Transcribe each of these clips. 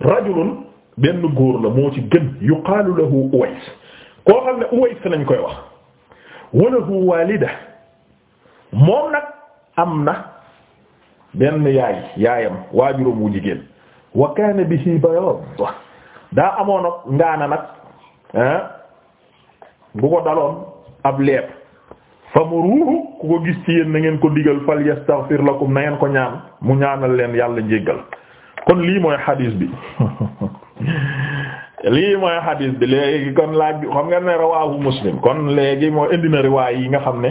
rajulun benn góor la moo ci gën yuqaalu lahu Uways koo xam ne Uways lañ koy wax wa lahu waalida moom nag am na benn yaay yaayam waajuram wu jigéen wa kaana bihi bayaad daa amoon ak ngaana nag ah bu ko daloon ab leeb fa mu ruuhu ku ko gis ci yéen na ngeen ko digal fal yastaghfir lakum na ko ñaan mu ñaanal leen yàlla njéggal kon lii mooy xadiis bi lii mooy xadiis bi léegi kon laaj bi xam nga rawaahu muslim kon léegi moo indi na riwaay yi nga xam ne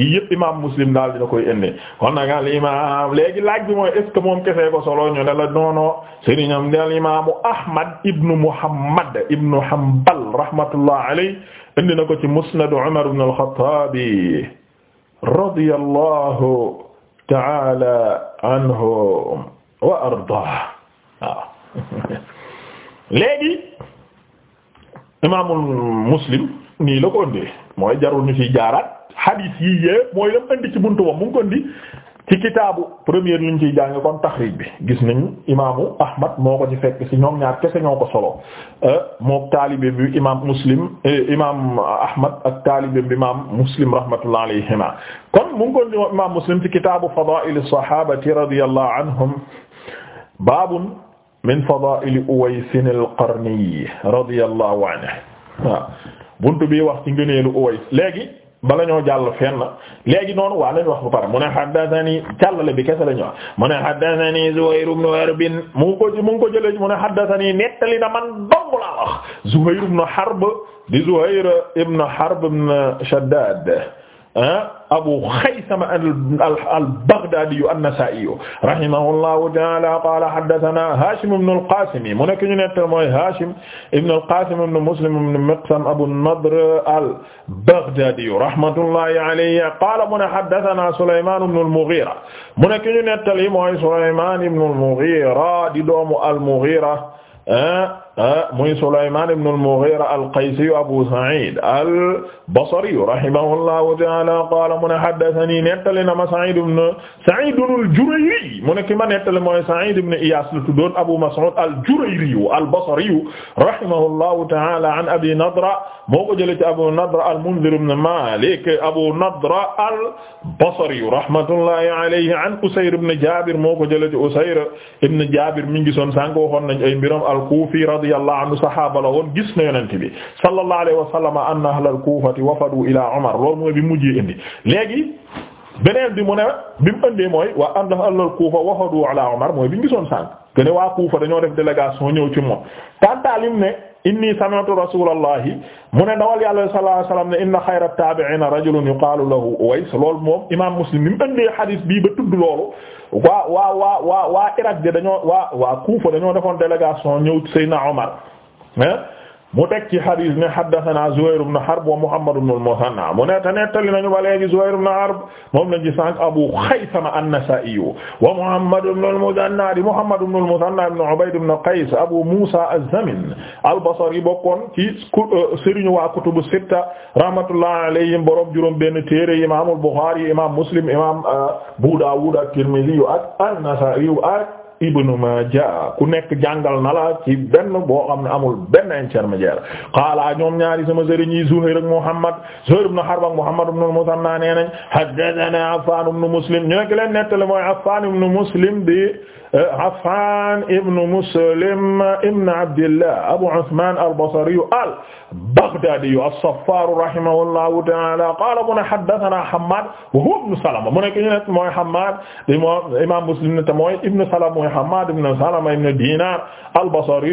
yii i imaam muslim daal dina koy indi kon nag al imaam léegi laaj bi mooy est ce que moom kese ko solo ñu ne la noono sëriñam di al imaamu ahmad ibnu muhammad ibnu hanbal rahmatullah alayhi indi na ko ci musnad umar ibn al-khattab ta'ala anhum wa ardaah waaw léegi imaamul muslim nii la ko ëndee mooy jarul ñu ci jaaraat xadiis yii yépp mooy lam indi ci buntu wam mu ngi ko indi kitaabu première liñ ciy jàng kon taxriij bi gis nañu imaamu Ahmad moo ko ci fekk ci ñoom ñaar kese ñoo ko solo euh, moo taalibe bi imaam muslim euh, imaam Ahmad ak bi imaam muslim rahmatullah alayhima kon mu ngi ko indi imaam muslim ci kitaabu fadaa'il as-sahaabati radiyallahu anhum baabun min fadaa'il Uways al-Qarni radiyallahu anhu waaw buntu bi wax ci ngëneelu Uways léegi bala ñoo jàll fenn léegi noonu waa lañ wax ba pare mu ne haddathani jàllale bi kese la ñu wax mu ne haddathani Zuhayr ibn Harb mu ngi ko mu ngi ko jëlee mu ne haddathani nettali na man dong laa wax Zuhayr ibn Harb di Zuhayr ibn Harb ibn Shaddad Ah, Abu Xaysama al-Baghdaadi an-Nasaa'i rahimahullahu ta'aala qaala haddathanaa Haashim ibn al-Qaasim mu nekk ñu ne mooy Haashim ibn al-Qaasim ibn Muslim ibn Miqsam Abu an-Nadr al-Baghdaadi rahmatullahi alayhi qaala mu ne haddathanaa Sulaymaan ibn al-Mughiira mu nekk ñu nettali mooy Sulaymaan ibn al-Mughiira di doomu al-Mughiira ah, Ah, muy Sulaymaan ibn al-Mughiira al-Qaysi Abu Sa'iid al-Basri rahimahullahu ta'aala qaala mu ne haddathanii nettali na ma Sa'iid ibn Sa'iid al-Jurayri mu ne ki ma nettali mooy Sa'iid ibn Iyaas la tuddoon Abu Mas'uud al-Jurayri al-Basri rahimahullahu ta'aala an Abi Nadra moo ko jëlee ci Abu Nadra al-Mundhir ibn Maalik Abu Nadra al-Basri rahmatullahi alayhi an Usayr ibn Jaabir moo ko jëlee ci Usayr ibn Jaabir mi ngi sonn sànq waxoon nañ ay mbiram al-Kuufi radiyallahu anhu saxaaba la woon gis na yonent bi sallallahu alayhi wa sallam anna ahlal kuufati wafadu ila Umar loolu mooy bi mujjee indi léegi beneen bi mu ne bi mu ëndee mooy waa am dafa ahlal kuufa wafadu ala Umar mooy bi ñu gisoon sànq que ne waa kuufa dañoo def délégation ñëw ci moom inni sami'tu rasulallahi mu ne dawal yàlla sallallahu alayhi wasallam ne inna xayra taabi'ina rajulun yuqaalu lahu Uways loolu moom imaam Muslim ni mu ëndee xadiis bii ba tudd loolu waa waa waa waa waa Irak de dañoo waa waa Kuufa dañoo defoon délégation ñëw Seydina Omar ah mu teg ci hadis ne haddathana Zuhayr ibn Harb wa Muhammad ibn al-Muthanna mu ne te nettali nañu ba léegi Zuhayr ibn Harb moom lañ ci sànq Abu Khaythama an-Nasa'i wa Muhammad ibn al-Muthanna di Muhammad ibn al-Muthanna ibn Ubayd ibn Qays Abu Musa az-Zamin al-Basri bokkoon ci euh, sëriñu waa kutubu sitta rahmatullahi alayhim borom juróom-benn téere imaamul Bukhari imaam Muslim imaam euh, Abu Dawud ak Tirmidhi ak an-Nasa'i ak ma Maaja ku nekk jàngal nala la ci benn boo xam ne amul benn intermédiaire qaala ñoom ñaari sama sëriñ yi Zuhayr ak Muhammad Zuhayr ibn Harb ak Muhammad ibn al-Musanna nee nañ haddathana Affan ibn Muslim ñu nekk leen nettali mooy Affan ibn Muslim bi Affan ibn Muslim ibn Abdillah Abu Usman al-Basri al-Baghdadi as-Saffar rahimahullahu ta'ala qala mu ne haddathana Hammad wa huwa ibn Salama mu nekk ñu ne mooy Hammad imam Muslim ne te mooy ibn Salama mooy Hammad ibn Salama ibn Dinar al-Basri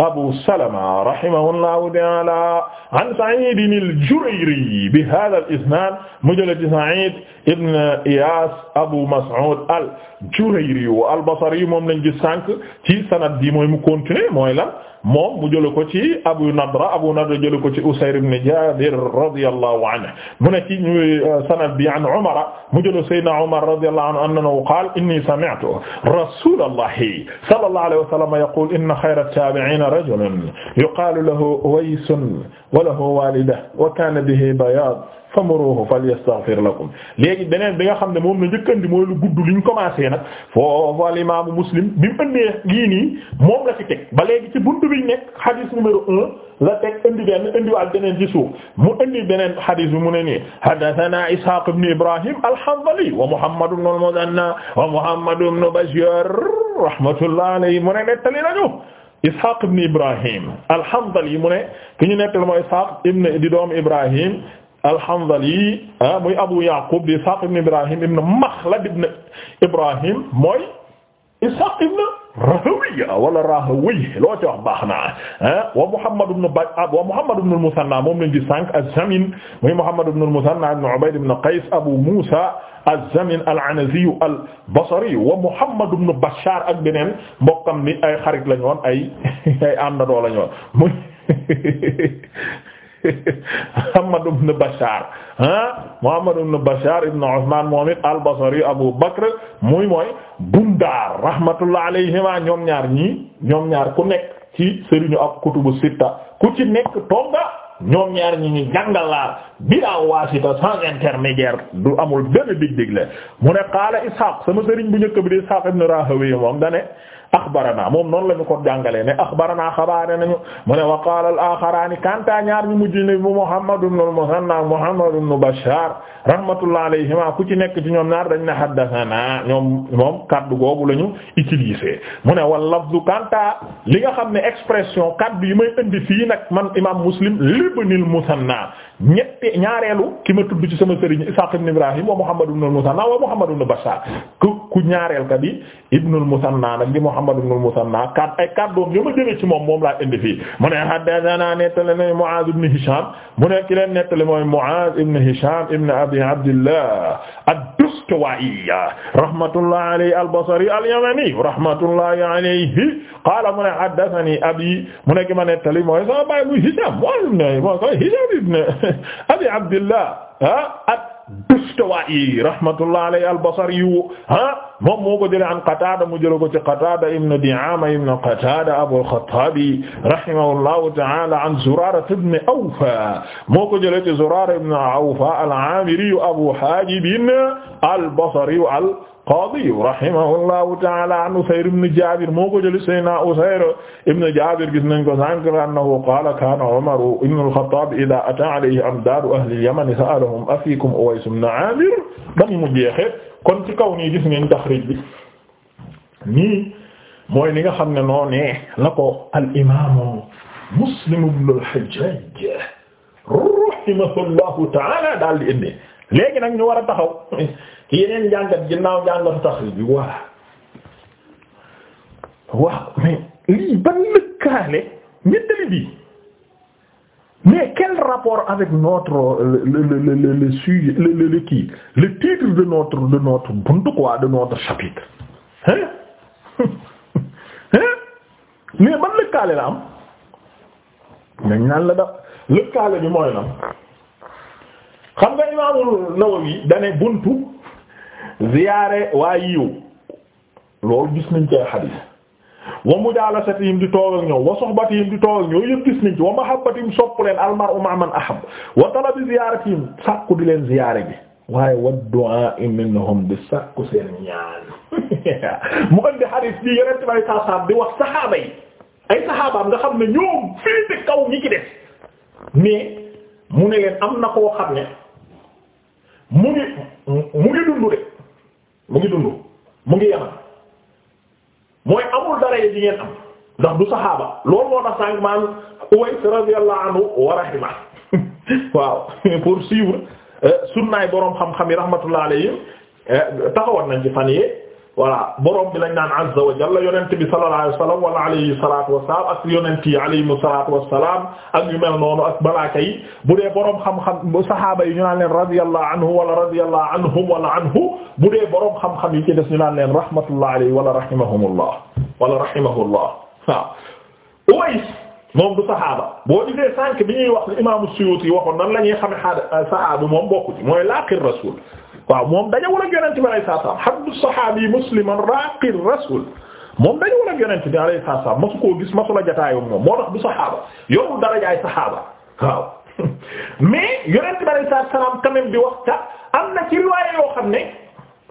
Abu Salama rahimahullahu ta'ala an Sa'id al-Jurayri bi hadha al-isnad mu jële ci Sa'id ibn Iyas Abu Mas'ud al-Jurayri al-Basri moom lañ gis sànq ci sanad bi mooy mu continuer mooy la moom mu jële ko ci Abu Nadra Abu Nadra jële ko ci Usayr ibn Jabir radiyallahu anhu mu ne ci ñuy euh, sanad bi an Umar mu jële Sayyidina Umar radiyallahu anhu annahu qaala inni sami'tu rasulallahi sallallahu alayhi wa sallam yaqulu inna khayra at-tabi'ina rajulun yuqalu lahu Uways wa lahu walida wa kana bihi bayad famuruhu falyastaghfir lakum léegi beneen bi nga xam ne moom la njëkk andi mooy lu gudd liñ commencé nag foofu al imaamu muslim bi mu ëndee lii nii moom la ci teg ba léegi ci buntu biñ nekk hadith numéro un la teg indi benn indiwaat beneen ci suuf mu indi beneen hadith bi mu ne nii haddathana ishaq ibn ibrahim al-hanzali wa muhammad ibn al-muthanna wa muhammad ibn bashir rahmatullah alayhi mu ne nettali nañu ishaq ibn ibrahim al-hanzali mu ne ki ñu nettali mooy ishaq ibn di doom ibrahim al-Hanzali ah, muy Abu Yaqub di Ishaq ibn Ibrahim ibn Makhlad ibn Ibrahim mooy Ishaq ibn Rahawiya ah, wala Rahawiya loo ci wax baax naa ah wa Muhammad ibn Bakr ah, wa Muhammad ibn al-Muthanna moom lañ di sànq az-Zamin muy Muhammad ibn al-Muthanna ibn Ubayd ibn Qays Abu Musa az-Zamin al-Anazi al-Basri wa Muhammad ibn Bashar ak beneen mbokkam ni ay xarit lañu woon ay ay àndandoo lañu woon Muhammad ibn Bashar ah Muhammad ibn Bashar ibn Uthman moom it al-Basri Abu Bakr muy mooy Bundar rahmatullah alayhima ñoom ñaar ñii ñoom ñaar ku nekk ci sëriñu ak kutubu sitta ku ci nekk tonga ñoom ñaar ñi ñu jàngal la wasita sans intermédiaire du amul benn dig-dig mu ne qaala Ishaq sama sëriñ bu njëkk bi di Ishaq ibn Rahawayh moom dane axbarana moom noonu la ñu ko jàngalee ne axbarana xabaare nañu mu ne wa qaala al-aaxaraani kanta ñaar ñu mujj ne bu Muhammad ibn al-Musanna Muhammad ibn Bashaar rahmatullah alayhima ku ci nekk ci ñoom ñaar dañ ne haddathana ñoom moom kaddu googu la ñu utilisé mu ne wal lafzu kanta li nga xam ne expression kaddu yi may indi fii nag man imaam Muslim ibn al-Musanna ñetti ñaareelu ki ma tudd ci sama sëriñ Isaaq ibn Ibrahim wa Muhammad ibn al-Musanna wa Muhammad ibn Bashaar ku ku ñaareel ka di ibn al-Musanna nag di Muhammad ibn al-Musanna kat ay kat doom yu ma jëlee ci moom moom laa indi fii mu ne haddathana nettali nañu Mu'az ibn Hisham mu ne ki leen nettali mooy Mu'az ibn Hisham ibn Abi Abdillah ad-Dustawa'i rahmatullahi alayhi al-Basri al-Yamani rahmatullahi alayhi qala mu ne haddathani abi mu ne ki ma nettali mooy sama baay muy Hisham moo koy Hisham ibn Abi Abdillah ah, ad-Dustawa'i rahmatullahi alayhi al-Basri ah. moom moo ko jëlee an Qatada mu jëlee ko ci Qatada ibn Di'ama ibn Qatada Abul Khattab rahimahullahu ta'ala an Zurara ibn Awfa moo ko jëlee ci Zurara ibn Awfa al-Amiri Abu Hajib al-Basri al-Qadi rahimahullahu ta'ala an Usayr ibn Jabir moo ko jëlee Sayyidina Usayr ibn Jabir gis nañ ko sànq annahu qala kana Umar ibn al-Khattab idha ata alayhi amdadu ahli al-Yaman sa'alahum afikum Uways ibn Amir kon ci kaw nii gis ngeen taxriij bi nii mooy li nga xam ne noo ne la ko al imaamu Muslim ibn al-Hajjaj rahimahullahu ta'ala daal di indi léegi nag ñu war a taxaw yeneen njàngat ginnaaw njàngatu taxriij bi waaw waaw mais lii mais quel rapport avec notre le le le le sujet le le le kii le titre de notre de notre buntu quoi de notre chapitre hein hein mais ban lëkkaale la am dañ naan lëkkaale bi mooy la xam nga Imaamul Nawawi dane buntu ziyaare waa yiw loolu gis nañ ci xadiis wa mujalasatihim di toog ak ñoom wa sohbatihim di toog ak yëpp gis nañ ci wa mahabbatihim sopp leen almar'u ma'a man ahab wa talabi ziyaratihim sàkku di leen ziyaare gi waaye wa du'a minhum di sàkku seen ñaan mu andi hadith bi yeneen bay saasaam di wax saxaaba yi ay saxaabaam nga xam ne ñoom fii kaw ñi ci def mais mu ne leen am na koo xam ne mu ngi mu ngi dundu de mu ngi dundu mu ngi yaman mooy amul dara yi di ngeen am ndax du saxaaba loolu moo tax sànq maanaam Uways radiyallahu anhu wa rahima waaw pour suivre euh, sunnaay boroom xam-xam yi rahmatullah alayhi euh, taxawoon nañ ci fan yee voilà borom bi lañ naan azza wa jalla yonent bi sallallahu alayhi wa sallam wala alayhi salatu wasalaam ak yonent yi alayhimu salatu wasalaam ak yu mel noonu ak malaaka yi bu dee borom xam-xam saxaaba yi ñu naan leen radiyallahu anhu wala radiyallahu anhum wala anhu bu dee borom xam-xam yi ci des ñu naan leen rahmatullah alayhi wala rahimahumullah wala rahimahullah waaw. Uways moom du saxaaba boo gisee sànq bi ñuy wax li imaamu Suyuti waxoon nan la ñuy xamee saxaaba moom bokku ci mooy laqir rasul waaw moom dañu war a yonent bi alayhi salaam haddu saxaabi musliman raaqi rasul moom dañu war a yonent bi alayhi salaam masu koo gis masu la jataayoo moom moo tax du saxaaba yorul darajaay saxaaba waaw mais yonent bi alayhi salaam quand même di wax ca am na ci riwaaya yoo xam ne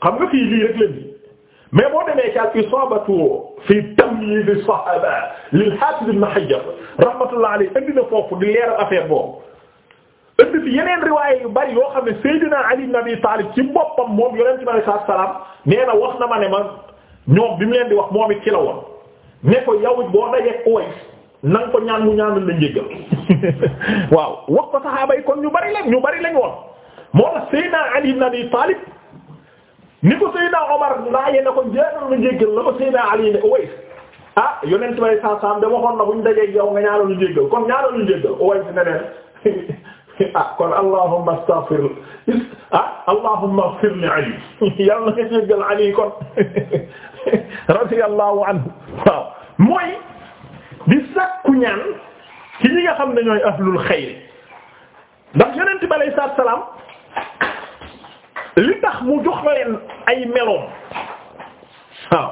xam nga fii lii rek la nii mais boo demee ci al-Isaabatu fi tamyiiz as-sahaaba lil-Haafiz Ibn Hajar rahmatullahi alayhi indi na foofu di leeral affaire boobu. ënd fi yeneen riwaay yu bari yoo xam ne Seydina Ali ibn Abi Talib ci boppam moom yonent bi alayhi salaam nee na wax na ma ne ma ñoom bi mu leen di wax moom it ci la woon ne ko yow boo dajee Uways na nga ko ñaan mu ñaanal la njéggal waaw wax ko saxaaba yi kon ñu bari lañ ñu bari lañ woon moo tax Seydina Ali ibn Abi Talib ni ko Seydina Omar laaye na ko ñaanal la njéggal la ko Seydina Ali ne Uways ah yonent bi alayhi salaam de waxoon na bu ñu dajee yow nga ñaanal lu njéggal kon ñaanal lu njéggal Uways ah kon allahumma astaghfir ah allahumma ighfir li ali yàlla na nga jéggal ali kon radiyallahu anhu waaw mooy di sakku ñaan ci ñi nga xam ne ñooy ahlul xayr ndax yonent bi alayhi salaatu salaam li tax mu jox leen ay meloom waaw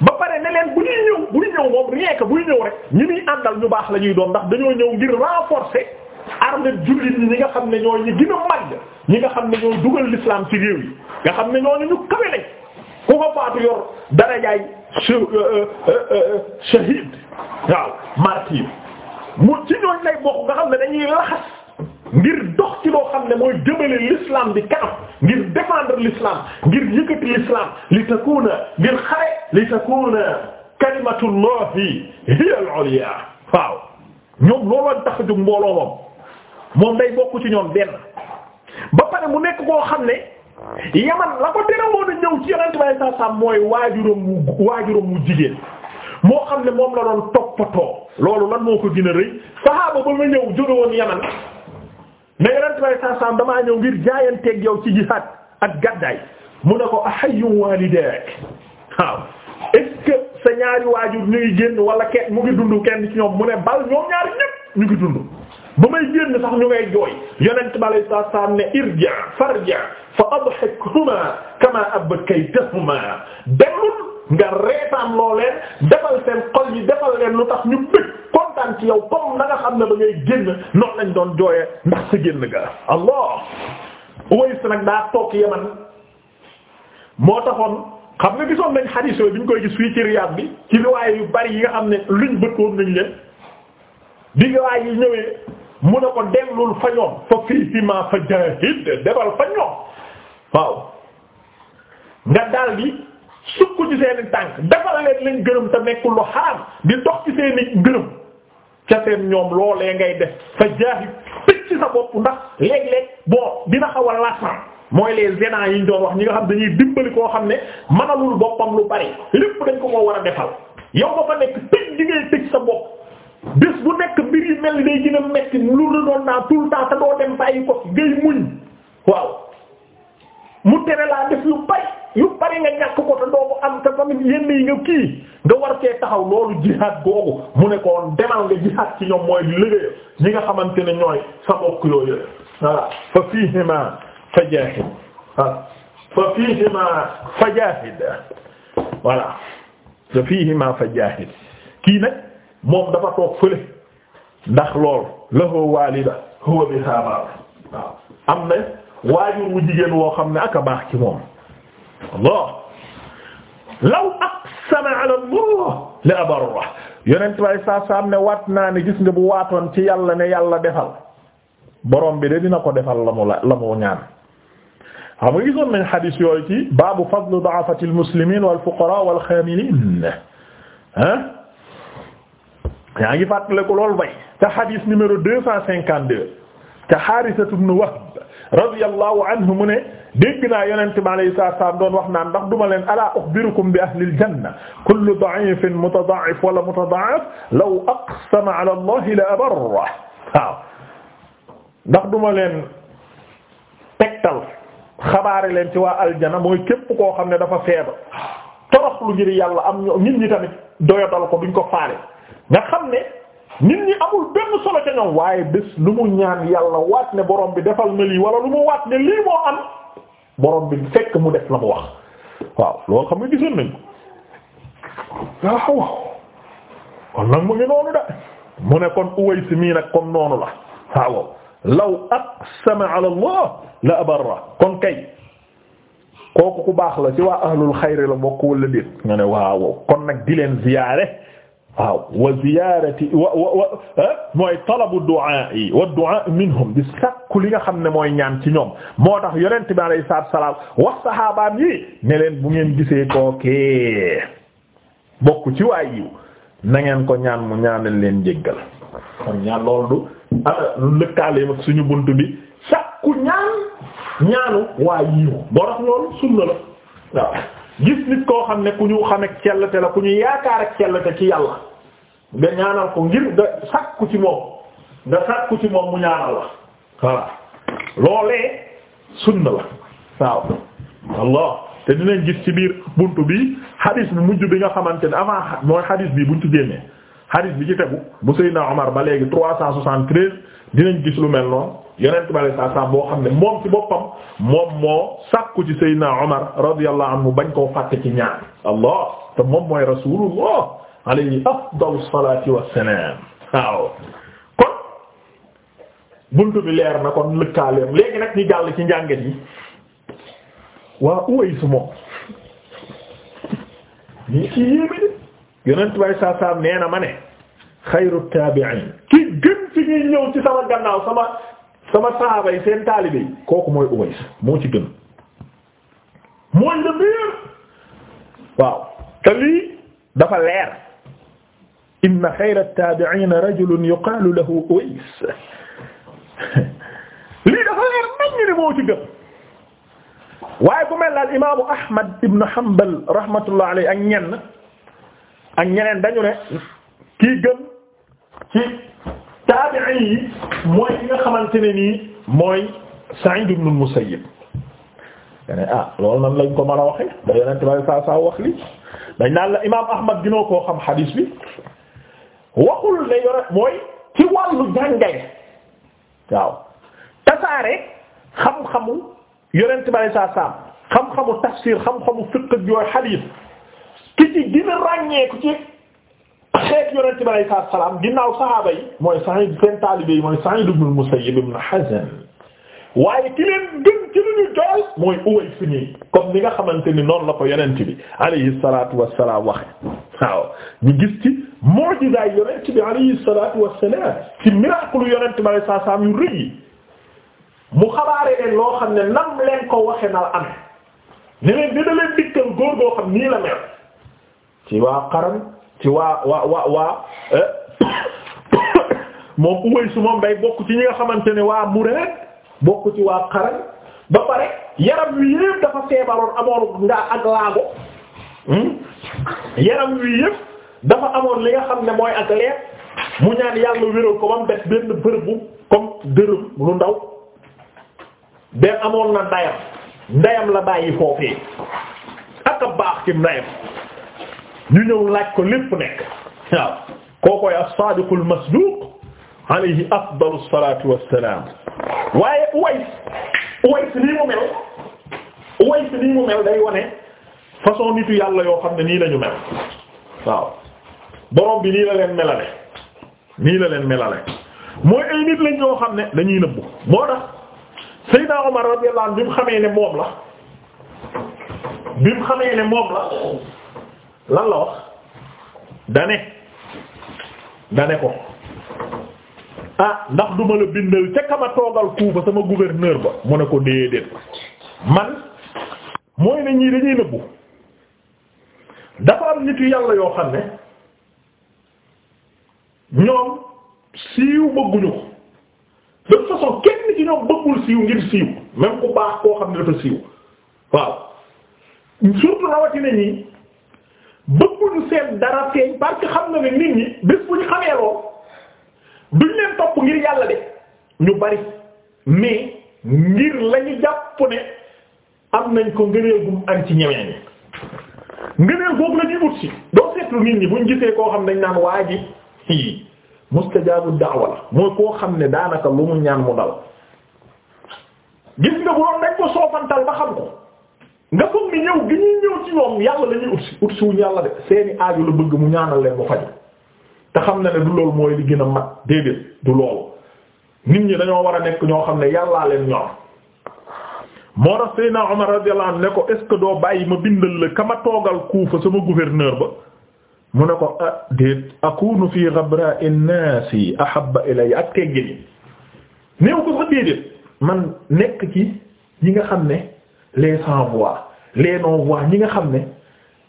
ba pare ne leen bu ñuy ñëw bu ñuy moom rien buy ñëw rek ñi muy àndal ñu baax la ñuy doon ndax dañoo ñëw ngir renforcer. armée jullit ñi nga xam ne ñoo ñi gën xam ne ñoo dugal l'islam ci réew yi nga xam ne ñoo ñu kawe lañ ku ko faatu yor darajaay euh, euh, euh, shahid waaw martyr mu ci ñooñ lay bokk nga xam ne dañuy laxas ngir dox ci loo xam ne mooy jëmale l'islam bi kanam ngir défendre l'islam ngir yëkkati l'islam li takuna ngir xare li takuna kalimatullahi hiya al-ulya waaw ñoom looloo tax jug mbooloo moom moom day bokk ci ñoom benn ba pare mu nekk koo xam ne yaman la ko terewoon a ñëw ci yonent bay sa mooy waajuram wu waajuram wu jigéen moo xam ne moom la doon toppatoo loolu lan moo ko gën a rëy saxaaba ba ma ñëw jóge woon yaman mais yonent bay sa damaa ñëw ngir jaayanteeg yow ci jihaad ak gàddaay mu ne ko ahayyun walidaak waaw rek ce que sa ñaari waajur ñu ngi génn wala kenn mu ngi dund kenn ci ñoom mu ne bal ñoom ñaari ñépp ñu ngi dund ba may génn sax ñu ngay jooy a bi alayhi salaatu salaam ne irja farja fa adhikhuma kama abkaytahuma dellul nga reetaan loo leen defal seen xol yi defal leen lu tax ñu bëgg kontaan ci yow comme na nga xam ne ba ngay génn noonu lañ doon jooyee ndax sa génn ga allah Uways nag daa toog Yaman moo taxoon xam nga gisoon nañ xadiis yooyu bi ñu gis fii ci bi ci riwaay yu bari yi nga xam ne luñ bëggoon nañ leen bi riwaay yi ñëwee mu ne ko dellul fa ñoom fa fii fa jahid debal fa ñoom waaw nga daldi sukk ci seeni tànk defal leen lañ gërëm te nekkul lu xaraam di dox ci seeni gërëm ca seen ñoom loolee ngay def fa jaahid picc sa bopp ndax léeg-léeg boo dina xaw a lasan mooy les gênants yi ñu doon wax ñi nga xam dañuy dimbali koo xam ne manalul boppam lu bari lépp dañ ko ko war a defal yow ba fa nekk tëj di tëj sa bopp bés bu nekk mbir yu mel ni day gën a metti lu la doon naa tout le doo dem bàyyi ko ngay muñ waaw mu tere laa def yu bari yu bari nga ñàkk ko te doo am te tamit yenn yi nga kii nga war cee taxaw loolu jihaad googu mu ne demal nga jihaad ci ñoom mooy liggéey ñi nga xamante ne ñooy sa mbokk yooyu voilà fa fihima fajahid fa fihima fajahid voilà fa fihima fajahid kii nag moom dafa toog fële ndax lool lahu waalida huwa bi saaba waaw am na waajur wu jigéen woo xam ne ak baax ci moom Allah law aqsama ala Allah la abarra yonent ne waat naa ne gis nga bu waatoon ci yàlla ne yàlla defal borom bi de dina ko defal la mu la la mu ñaan xam nga gisoon nañ xadiis yooyu ci baabu fadlu da'afati al wal fuqaraa wal xaamiliin ah yaa ngi fàttale ko loolu bay ca hadith numéro deux cent cinquante deux ca Haarisatu ibn Wahb radiyallahu anhu mu ne dégg naa yonente bi alayhi salaatu salaam doon wax naan ndax duma leen alaa uxbirukum bi ahlil janna kullu da'ifin mutada'if wala mutada'af law aqsama ala allahi la abarra waaw ndax duma leen tegtal xabaare leen ci waa aljana mooy képp koo xam ne dafa feebar torox lu ngir yàlla am ñoo nit ñi tamit doyadal ko duñ ko faale nga xam ne nit ñi amul benn solo ca waaye bés lu mu ñaan yàlla waat ne borom bi defal ma lii wala lu mu waat ne lii moo am borom bi fekk mu def la mu wax waaw loolu xam nga gisoon nañ waaw kon nag mu ngi noonu de mu ne kon Uways mii nag comme noonu la waaw law aqsama ala Allah la abarra kon kay kooku ku baax la ci waa ahlul xayri la mbokk wala déet nga ne waaw kon nag di leen ziyaare waaw wa ziyaarati wa wa wa eh? mooy talabu du'a yi wa du'a minhum di sakku li nga xam ne mooy ñaan ci ñoom moo tax yonent bi alayhi salaatu salaam wax saxaabaam yi ne leen bu ngeen gisee kookee bokk ci waay yiw na ngeen ko ñaan mu ñaanal leen jéggal kon ñaan loolu du ah, lëkkaaleem ak suñu bunt bi sakku ñaan ñaanu waay yiw boo tax loolu sunna la waaw gis nit koo xam ne ku ñu xam ak cellate la ku ñu yaakaar ak cellate ci yàlla nga ñaanal ko ngir nga sàkku ci moom nga sàkku ci moom mu ñaanal la voilà loolee sunna la waaw allah te dinañ gis ci biir buntu bi hadis bi mujj bi nga xamante ne avant mooy hadis bi buñ ci génnee hadis bi ci tegu bu Seydina Omar ba léegi trois cent soixante-treize dinañ gis lu mel noonu yonent bi alayhi boo xam ne moom ci boppam moom moo sàkku ci Seydina Omar radiyallahu bañ koo fàtte ci ñaan allah te moom mooy rasulullah alayhi afdalu salaati wassalaam waaw kon buntu bi leer na kon lëkkaaleem léegi nag ñu jàll ci njànget yi waa Uways moom ñii ci yéeme de yonent bi alayhi nee na ma ne xayru taabi'iin ñuy ñëw ci sama gannaaw sama sama saaba yi seen taalibe yi kooku mooy Uways moo ci gën mooy le meilleur waaw te lii dafa leer inna xayra at-taabi'iina rajulun yuqaalu lahu Uways lii dafa leer nañu ne moo ci gën waaye bu mel daal imaamu Ahmad ibn Hanbal rahmatullah alayhi ak ñenn ak ñeneen dañu ne kii gën ci taabi'i yi mooy li nga xamante ne nii mooy Sa'id ibn al-Musayyib nga lool ah loolu nan lañ ko mën a waxe da yonent bi saa saa wax li dañ naan la imaam Ahmad ginoo koo xam xadiis bi waxul ne yore mooy ci wàllu xam-xamu yonent bi saa xam-xamu tafsir xam-xamu fiqh yooyu ki ci gën a xeet yonent bi alayhi salaatu wa salaam ginnaaw saxaaba yi mooy Sa'iid seen taalibe mooy Sa'iid ibn al-Musayyib ibn Hazn waaye ki leen gën ci mooy Uways ni comme ni nga xamante ni noonu la ko yonent bi alayhi salaatu wa waxe waaw ñu gis ci mu'jizaay yonent bi alayhi wa salaam ci miracle yonent bi yu rëy yi mu xabaare leen loo xam ne nam leen ko waxe na amee ne leen leen dikkal góor goo xam nii la mel ci waa Qaran ci waa waa waa waa eh, moom Uways su moom bokk ci ñi nga xamante ne waa Muraad bokk ci waa Qaran ba pare yaram wi yëpp dafa feebaroon amoon ngaa ak laago hmm? yaram wi yëpp dafa amoon li nga xam ne mooy ak leer mu ñaan yàlla wéral ko ba mu benn bërëb comme dërëm lu ndaw benn amoon na ndayam ndayam la bàyyi foofee ak baax ci ndayam ñu ñëw laaj ko lépp nekk waaw kookoy as-sadiqul masduq alayhi afdalu salatu wassalam waaye Uways Uways nii mu mel Uways nii mu mel day wone façon nitu yàlla yoo xam ne nii lañu mel waaw borom bi nii la leen melale nii la leen melale mooy ay nit lañ yoo xam ne dañuy nëbbu moo tax Seydina Omar radiyallahu anhu bi mu xamee ne moom la bi mu xamee ne moom la lan la wax dane dane ko ah ndax duma la bindal ca kama toogal Kuufa sama gouverneur ba mu ne ko déedéet man mooy ne ñii dañuy nëbbu dafa am nit yu yàlla yoo xam ne ñoom siiw bëgguñu ko de toute façon kenn ci ñoom bëggul siiw ngir siiw même ku baax koo xam ne dafa siiw waaw surtout rawatina ñi bëgguñu seen dara feeñ parce xam na ne nit ñi bés bu ñu xamee lool duñ leen topp ngir yàlla de ñu bari mais ngir lañu jàpp ne am nañ ko ngëneel gum am ci ñeneen ñi ngëneel boobu la ñuy doo seetlu nit ñi buñ gisee koo xam dañ naan waa ji mustajaabu da'wa mooy koo xam ne daanaka lu mu ñaan mu dal gis nga bu doon dañ ko soofantal ba xam ko nga foog ni ñëw gi ñuy ñëw ci ñoom yàlla la ñuy ut wuñ yàlla de seeni aaju la bëgg mu ñaanal leen mu faj te xam na ne du loolu mooy li gën a mat déedéet du loolu nit ñi dañoo war a nekk ñoo xam ne yàllaa leen ñor moo tax Seydina Omar radiyallahu anhu ne ko est ce que doo bàyyi ma bindal la kama toogal Kuufa sama gouverneur ba mu ne ko ah déet akunu fi ghabra'i naasi ahabba ilayya ak teggini néew ko sax déedéet man nekk ci ñi nga xam ne les sans les non-voyants ñi nga xam ne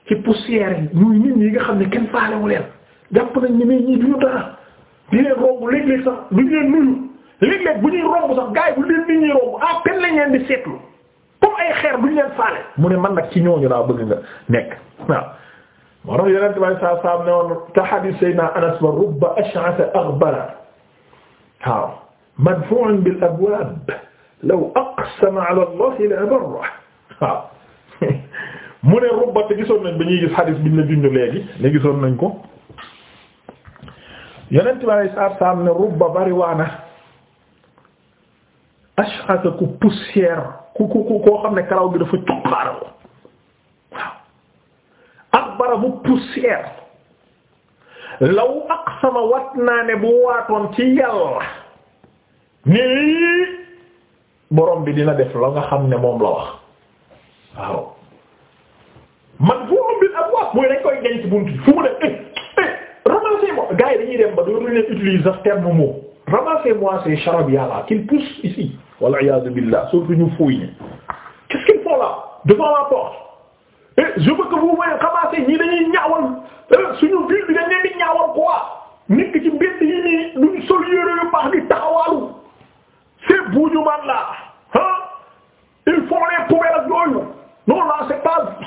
ci poussière yi muy nit ñi nga xam ne kenn faalewu leen jàpp nañ ni mais ñii duñu dara di leen romb léeg-léeg sax duñu leen nuyu léeg-léeg bu ñuy romb sax gars yi bu leen nit ñi romb à peine lañ leen di seetlu comme ay xeer duñu leen faale mu ne man nag ci ñooñu laa bëgg nga nekk waaw moo tax yeneen may saa saa ne woon te hadith Seydina Anas ba rubba ash'atha aghbara waaw madfu'un bil abwab law aqsama ala Allah la abarra waaw mu ne rubba te gisoon nañ ba ñuy gis xadis biñ la junj léegi ne gisoon nañ ko yonent bi alayhi salaatu salaam ne rubba bariwaana ash'asa ku poussière ku ku ku koo xam ne karaw bi dafa cuqaaral waaw ak barabu poussière law aqsama wat naa ne bu waatoon ci yàlla ni borom bi dina def la nga xam ne moom la wax waaw man fu mu bil abwaab mooy dañ koy denc buntu fu mu def eh, eh, ramassez moi gars yi dañuy dem ba dootuñu leen utiliser sax terme mot ramassez moi ces charabia là qu'ils poussent ici wal iyaazu ñu fouillé qu'est-ce qu'ils font là devant la porte et eh, je veux que ñaawal suñu ville bi dañ leen di ñaawal quoi nekk ci mbedd yi nii duñ sol yére yu baax di taxawaalu c'est buñu man là ah ils font les poubelles non non c'est pas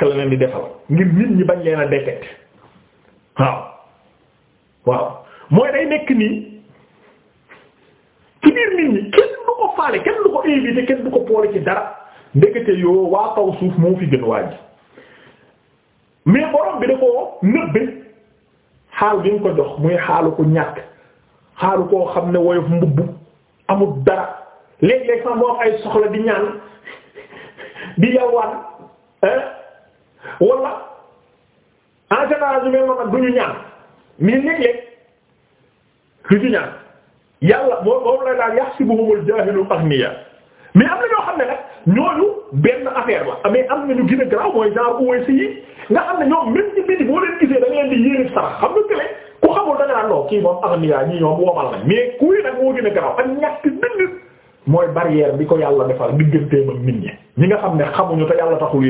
takk la leen di defal ngir nit ñi bañ leen a dekket waaw waaw mooy day nekk nii ci biir nit ñi kenn du ko faale kenn du ko éviter kenn du ko poole ci dara ndekete yoo waa kaw suuf moo fi gën waaj mais borom bi da ko nëbbe xaal bi nga ko jox muy xaalu ko ñàkk xaalu koo xam ne woyof mbubb amul dara léeg-léeg sax moo ay soxla di ñaan di yalwaan wala en général ñu mel noonu nag du ñu ñaan mais léeg-léeg ñu ñaan yàlla moom moom lay daal yaxsibuhumul jaahilu aghniya mais am na ñoo xam ne nag ñooñu benn affaire la mais am na ñu gën a garaaw mooy genre uwe si yi nga xam ne ñoom même ci biti boo leen gisee da di yéene sarax xam nga tële ku xamul da nga kii moom aghniya ñi ñoom woomal nañ mais kuy nag moo gën a ak ñàkk dëgg mooy barrière bi ko yàlla defal digganteem ak nit ñi ñi nga xam ne xamuñu te yàlla taxul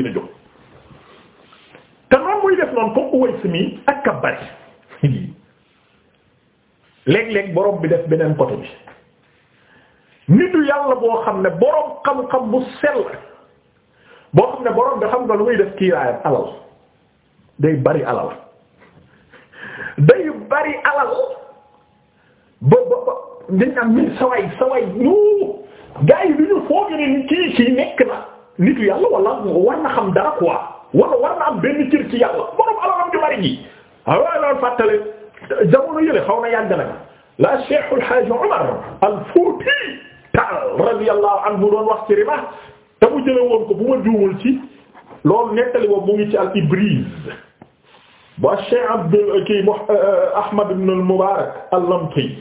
def noonu comme Uways mi ak ka bari léeg-léeg borom bi def beneen côté bi nitu yàlla boo xam ne borom xam-xam bu sell boo xam ne boroom bi xam nga lu muy def kiiraayam alal day bari alal day bari alal ba ba ba dañ am mi saway saway ñu gaa yi du ñu foog ne kii kii nekk na nitu yàlla wala war na xam dara quoi. wala war na am benn cër ci yàlla borom alalam ju bari ji waaye loolu fàttali jamono yële xaw na yàgg nag la Cheikh El Hadj Omar Al Fouti Tall radiyallahu anhu doon wax ci riba te mu ko bu ma juumul ci loolu nettali boobu mu ngi ci al Ibriz ba Cheikh Abdul kii euh, Ahmad al Mubarak al-Lamti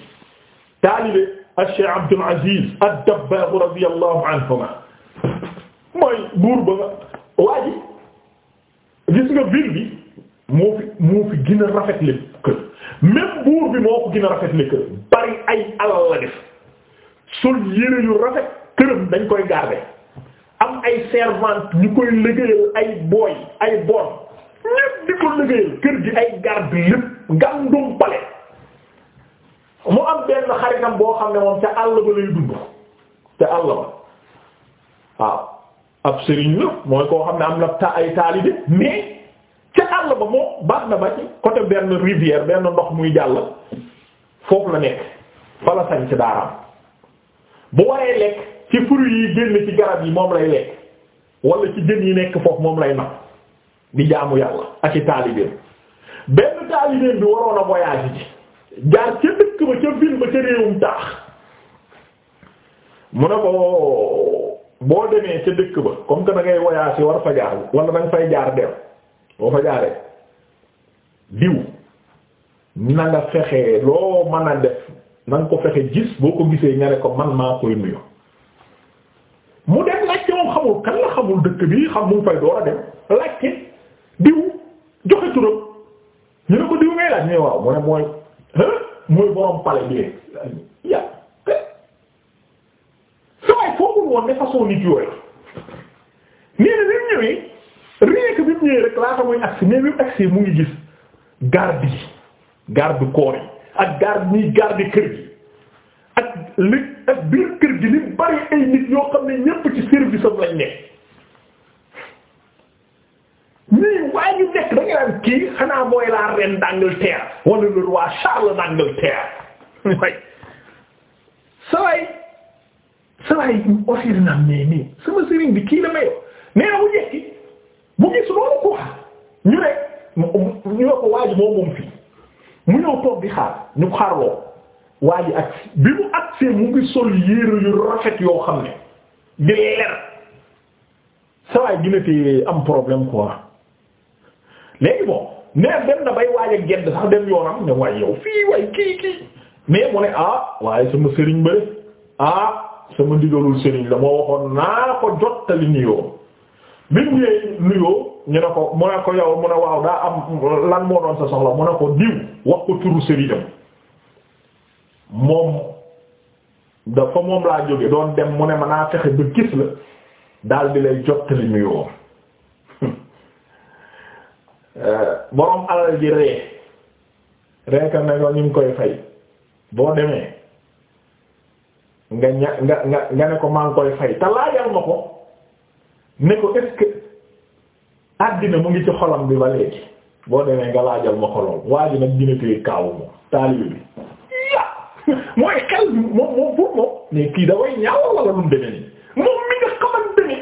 taalibe Cheikh Abdul Aziz ad-Dabbagh radiyallahu anhuma mooy buur ba gis nga ville bi moo fi moo fi gën rafet le kër même buur bi moo ko gën rafet le kër bari ay alal la def sol yére yu rafet këram dañ koy garder am ay servante ñi koy liggéeyal ay booy ay bon ñépp di ko liggéeyal kër gi ay garde lépp gàndum palais mu am benn xaritam boo xam ne moom ca àll ba lay dund ca àll ba waaw ab sëriñ la mooy koo xam ne am na ta ay taalibe mais ca àll ba moom baax na ba ci côté benn rivière benn ndox muy jàll foofu la nekk fa sañ ci daaraam bu waree lekk ci fruits yi génn ci garab yi moom lay lekk wala ci jën yi nekk foofu moom lay nag di jaamu yàlla ak ci taalibeem benn taalibeem bi waroon a voyage ji jaar ca dëkk ba ca ville ba ca réewum taax mu ne ko boo demee ca dëkk ba comme que da ngay voyage war fa jaar wala da nga fay jaar dem boo fa jaaree diw na nga fexe loo mën a def na nga ko fexe gis boo ko gisee nga ne ko man maa koy nuyu mu dem laajte moom xamul kan la xamul dëkk bi xam mu fay door a dem laajte diw joxe turam ñu ne ko diw ngay laaj ñu waaw mu ne mooy mooy borom pale bi woon façon nit yooyu nee na bi mu ñëwee rien que bi ñëwee rek laata muy agsi mais bi mu agsee mu ngi gis garde yi garde corps ak garde ñiy garde kër gi ak li ak biir kër gi li bari ay nit yoo xam ne ñépp ci service lañ nekk nii waaye ñu nekk da nga daan kii xanaa mooy la reine d'Angleterre wala le roi Charles d'Angleterre way saway saa yi offrir na mais mais sama sëriñ bi kii la mayoo nee na ko waa ji moom fii mu ñëw toog di xaar ñu xaarloo waa ji ak bi mu agsee mu ngi sol yére yu rafet yoo xam ne di leer saa yi am problème quoi léegi bon mais dem na bay waaj a sax dem yoonam ne waaye yow fii waaye kii kii mais mu ne ah waaye sama sëriñ ba sama ndigalul sëriñ la moo waxoon naa ko jottali nuyoo bi mu ñëwee nuyoo ñu ne ko mu ne ko yow mu ne waaw daa am lan moo doon sa soxla mu ne ko diw wax ko turu sëriñam moom dafa moom laa jóge doon dem mu ne ma naa fexe ba gis la daal di lay jottali nuyoo eh, boroom alal ji ree rek ne ñu ngi koy fay boo demee nga nga ne ko maa ngi koy fay te laajal ko ne ko est-ce que mu ngi ci xolam bi ba léegi boo demee nga laajal ma ko lool waa ji nag dina téye kaawu moom taalibe ya mooy xel bi moom moom pour moom mais kii da way ñaaw wala lu mu mi nga xamante ni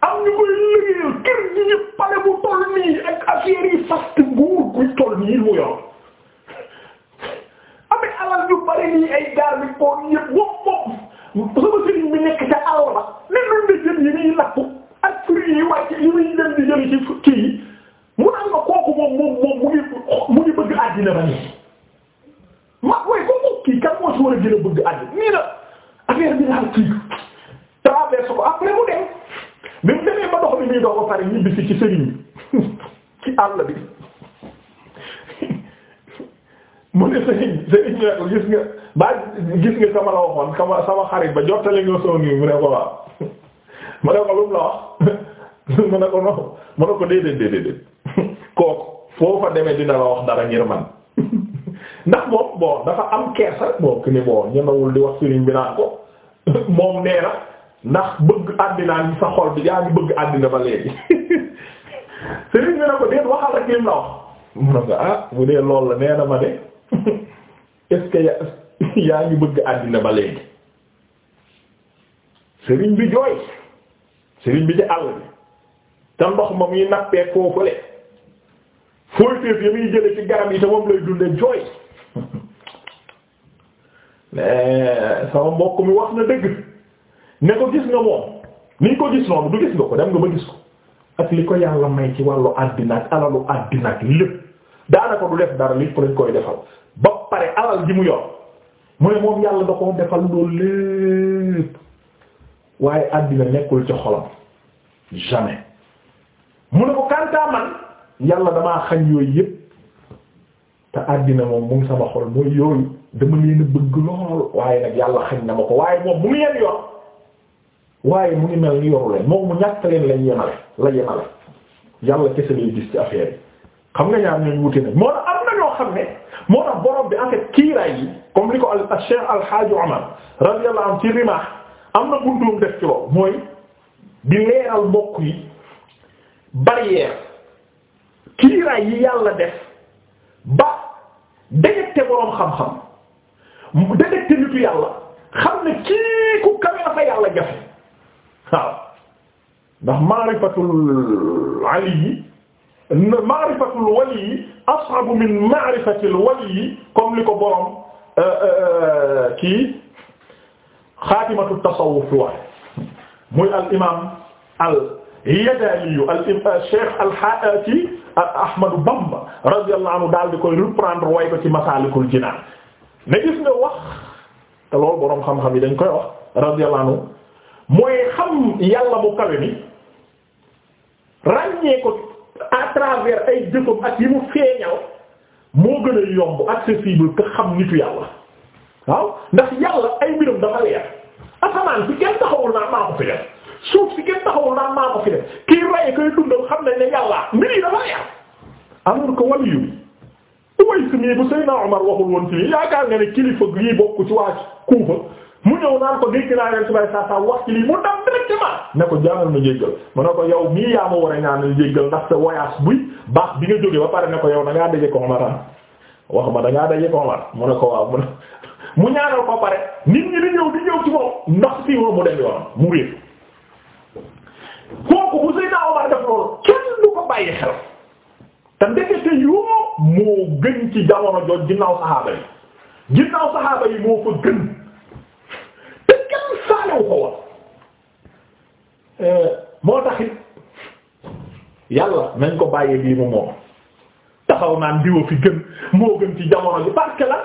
am ñu koy liggéeyal kër gi pale bu toll nii ak affaire yi fast nguur guy toll nii mu yor amee alal yu bari nii ay gaal bi koo yëpp wopp sama sëriñ bi nekk ca àll ba même bi jën yi ñuy napp ak fruits yi wàcc yi muy dem di jëli ci kii yi mu naan ma kooku moom moom moom mu ngi mu ngi bëgg àddina ba nii ma way ko moom kii kan moo si war a gën a bëgg àddina nii na affaire bi daal kii traverse ko après mu dem bi mu demee ba dox bi muy dox ba pare ñibbisi ci sëriñ bi ci àll bi mu ne sëñ sëñ gis nga ba gis nga sama la waxoon sama sama xarit ba jottali nga soog nii mu ne ko waaw mu ne ko lu mu la wax mu ko non mu ne ko déedéet déedéet demee dina la wax dara ngir man ndax moom bon dafa am kersa boo ki ni bon ñemewul di wax sëriñ bi naan ko moom nee na ndax bëgg àddinaan sa xol bi yaa ngi bëgg àddina ba léegi sëriñ bi ne ko déet waxal rek lim la wax mu ne ko ah bu dee loolu la nee ma de. est-ce que ya yaa ngi bëgg àddina ba léegi sëriñ bi jooy sëriñ bi ci àll bi te ndox ma muy nappee foofule fooyteef ya muy jële ci garab yi te moom lay dunde jooy mais sama mbokk mi wax na dëgg ne ko gis nga moom ni ko gis noonu du gis nga ko dem nga ba gis ko ak li ko yàlla may ci wàllu àddina ak alalu àddina ak lépp daanaka du def dara li ko lañ koy defal pare alal ji mu yor mu ne moom yàlla da ko defal loolu lépp waaye àddina nekkul ci xolam jamais mu ko kantaa yàlla damaa xañ yooyu yëpp te àddina moom mu ngi sama xol mooy yooyu dama leen bëgg lool waaye nag yàlla xañ na ma ko waaye moom mu ngi leen yor waaye mu ngi mel ni yoru leen moom mu ñàkk leen lañ yemale la yemale yàlla kese lay gis ci affaire xam nga ñaar ñooñu wute nañ moo xam ne moo tax borom bi en fait kiiraay comme li ko al Cheikh Al Hadj Omar radiyallahu anhu ci am na buntu def ci loolu mooy di leeral mbokk yi barrière kiiraay def ba dégette borom xam-xam dégette nitu yàlla xam ne kii ku kawe la fa yàlla jafe waaw ndax maarifatul ali yi maarifatul wali as'abu min maarifatil wali comme li ko borom euh, euh, kii xaatimatu tasawuf wax muy al imaam al Yadaali al euh, Cheikh al Haati Ahmadu Bamba radiyallahu anhu daal di koy reprendre way ko ci Masaalikul Jinaan ne gis nga wax te loolu borom xam-xam yi dañ koy wax radiyallahu anhu mooy xam yàlla bu kawe mi ràññee ko. à travers ay jëfam ak yi mu feeñal moo gën a yomb accessible que xam nitu yàlla waaw ndax yàlla ay mbiram dafa leer asamaan si kenn taxawul naa maa ko fi def suuf si kenn taxawul naa maa ko fi def kii raye koy dundal xam nañ ne yàlla mbir yi dafa leer alors que wàllu yu Uways mi bu Seydina Omar waxul woon ci lii yaakaar nga ne kilifa yi bokk ci waa Kuufa mu ñëw naan ko dégg naa subay saa saa wax ci lii mu dam directement ne ko jàngal ma jéggal ma ne ko yow mii yaa ma war a ñaanal jéggal ndax buy baax bi nga jógee ba pare ne ko yow da ngaa daje ko Omar wax ma da ngaa daje ko Omar mu ne ko waaw mu ne mu ñaanal ko pare nit ñi di di ñëw ci moom ndax si woon mu dem yoonam mu réer kooku bu Seydina Omar def loolu kenn du ko bàyyi xel te ndekete yoo moo gën ci jamono jooju ginnaaw saxaaba yi faalewu ko woon euh, moo taxit yàlla nañ ko bàyyee lii mu moom taxaw naan diwa fi gën moo gën ci jamono ji parce la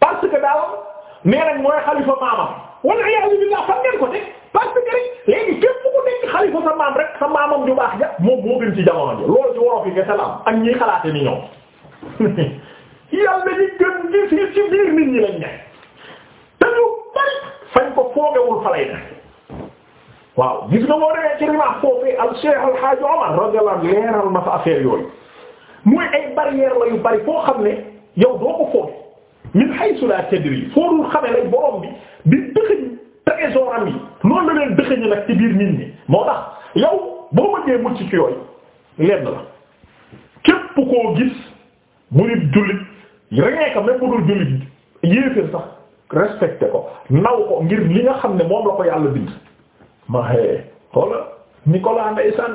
parce que daal nee nañ mooy xalifa maamam walla iyaazu billaah fan ngeen ko teg parce que rek léegi képp ku nekk xalifa sa maam rek sa maamam ju baax ja moom moo gën ci jamono ji loolu ci worof yi salaam ak ñiy xalaate ni ñoom yàlla ñi gën gis ci biir nit ñi lañ ne fa waaw gis nga moo demee ci rimaa foofee al Cheikh al Hadj Omar radiyallahu leeral ma fa affaire yooyu muy ay barrière la yu bari foo xam ne yow doo ko foofu min haythu la tadri foo dul xamee lay borom bi dëxëñ trésor am yi noonu la leen dëxëñ nag ci biir nit ñi moo tax yow boo mënee mucc ci yooyu lenn la képp koo gis mu nit jullit rien que même jullit yéeféer sax respecté ko naw ko ngir li nga xam ne moom la ko yàlla bind ma xëyee xoola Nicolas ndeysaan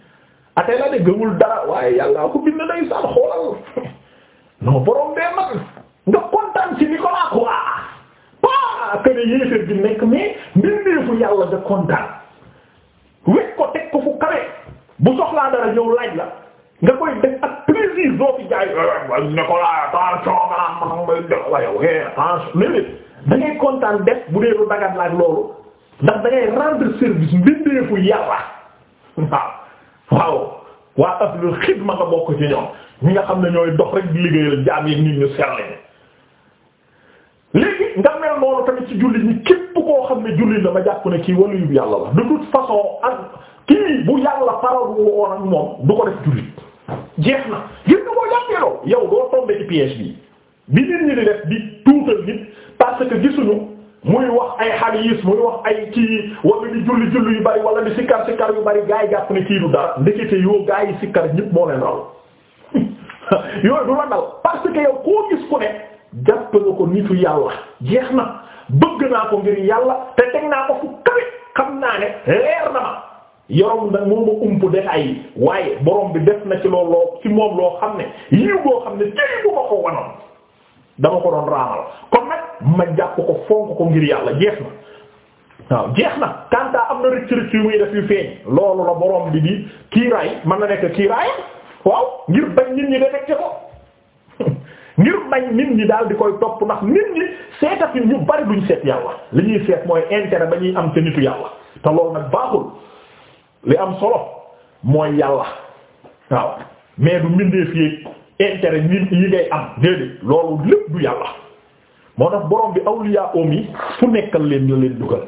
ate la de gëmul dara waaye yàlla ko bind ndeysaan xoolal non borom bee man nga kontaan ci Nicolas quoi ah que ne yéeféer bi nekk mais mbindeefu yàlla da kontaan wekk ko teg ko fu kawe bu soxlaa dara ñëw laaj la. nga koy def ak plaisir doo fi jaay ne ko laa attention kontaan def bu dee lu dagat la ak loolu ndax da ngay rendre service mbindeefu yàlla waaw waaw waa ahlul xidma nga bokk ci ñoom ñi nga xam ne ñooy dox rek liggéeyal jaam yi nit ñu seetlu léegi nga mel noonu tamit ci jullit ñi képp koo xam ne jullit la ma jàpp ne kii wàllu yàlla la de toute façon ak kii bu yàlla faral woon ak moom du ko def jullit. jeex na gis nga boo jàppeeloo yow doo tombé ci piège bi bi nit ñi di def di tuutal nit parce que gisuñu muy wax ay hadith muy wax ay kii wala di julli julli yu bari wala di sikkar sikkar yu bari gaa yi jàpp ne kii du dara ndekete yoo gaa yi sikkar ñëpp moo leen raw yooyu du la dal parce que yow koo gis ku ne jàpp nga ko nitu yàlla jeex na bëgg naa ko ngir yàlla te teg naa ko fu kawe xam naa ne leer na ma yorom nag moom ma ump détails yi waaye borom bi def na ci loolu loo ci moom loo xam ne yiw boo xam ne tey bu ma ko wanoon dama ko doon raamal kon nag ma jàpp ko fonk ko ngir yàlla jeex na waaw jeex na kanta am na rëcc rëcc yu muy def yu feeñ loolu la borom bi di kiiraay mën na nekk kiiraay waaw ngir bañ nit ñi defecte ko ngir bañ nit ñi daal di koy topp ndax nit ñi seetati ñu bari duñ seet yàlla li ñuy seet mooy intérêt ba ñuy am te nitu yàlla baaxul li am solo mooy yàlla waaw mais du mbindeef yi intérêt yi yi ngay am déedéet loolu lépp du yàlla moo tax boroom bi awliya om yi fu nekkal leen la leen dugal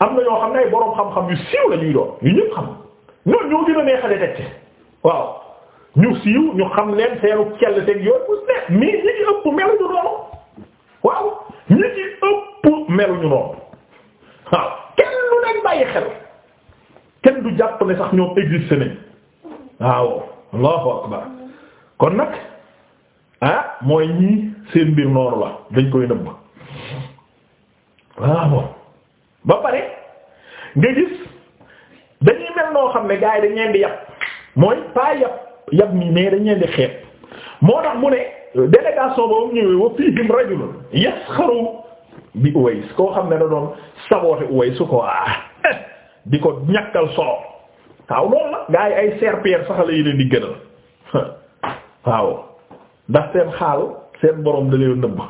am na yoo xam ne ay xam-xam yu siiw la ñuy doon yu ñëpp xam ñoo ñoo gën a neexale teg waaw ñu siiw ñu xam leen seenu kell teg yooyu bu ne mais ñi ci ëpp meluñu noonu waaw ñi ci ëpp meluñu noonu waaw kenn lu leen bàyyi xel. kenn du jàpp ne sax ñoom existé nañ waaw allahu akbar kon nag ah mooy ñii seen mbir noonu la dañ koy nëbb waaw ba pare nga dañuy mel noo xam ne gars yi di yab mooy pas yab yab mi mais dañ di xeeb moo tax mu ne délégation boobu ñëwee wa fiihim rajulun yasxaru bi Uways koo xam ne da doon saboote Uways su ko ah di ko ñàkkal solo waaw loolu la gaa yi ay serpillère sax la leen di gënal waaw ndax seen xaal seen borom da nëbb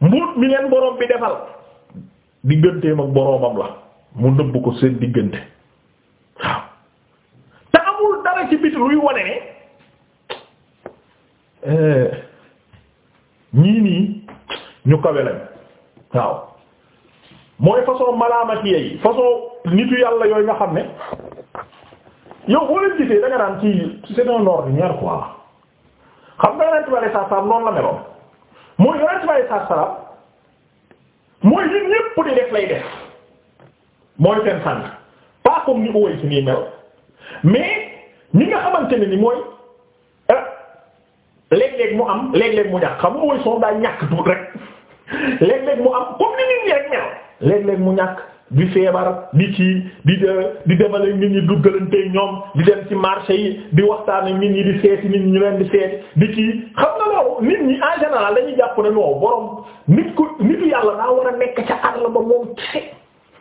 mbuut mi leen borom bi defal digganteem ak boromam la mu nëbb ko seen diggante waaw te amul dara ci biti luy eh, mooy façon malaamati yi façon nitu yàlla yooyu nga xam ne yow boo leen gisee da nga daan ci c'est un ordinaire quoi xam nga yonent bi sallallahu alayhi wasallam la meloon mooy yonent bi sallallahu alayhi mooy li def lay def mooy nga xamante ne ni mooy ah, léeg-léeg mu am léeg-léeg mu ñàkk xam nga Uways soom ñàkk tuut rek léeg-léeg mu am comme ni nit ñi rek mel léeg-léeg mu ñàkk. di feebar di kii di di demale nit ñi duggalante ñoom di dem ci marché yi di waxtaan nit ñi di seeti nit ñu leen di seeti di kii xam nga loolu nit ñi en général dañuy jàpp ne non borom nit ku nitu yàlla daa war a nekk ca àll ba moom kese.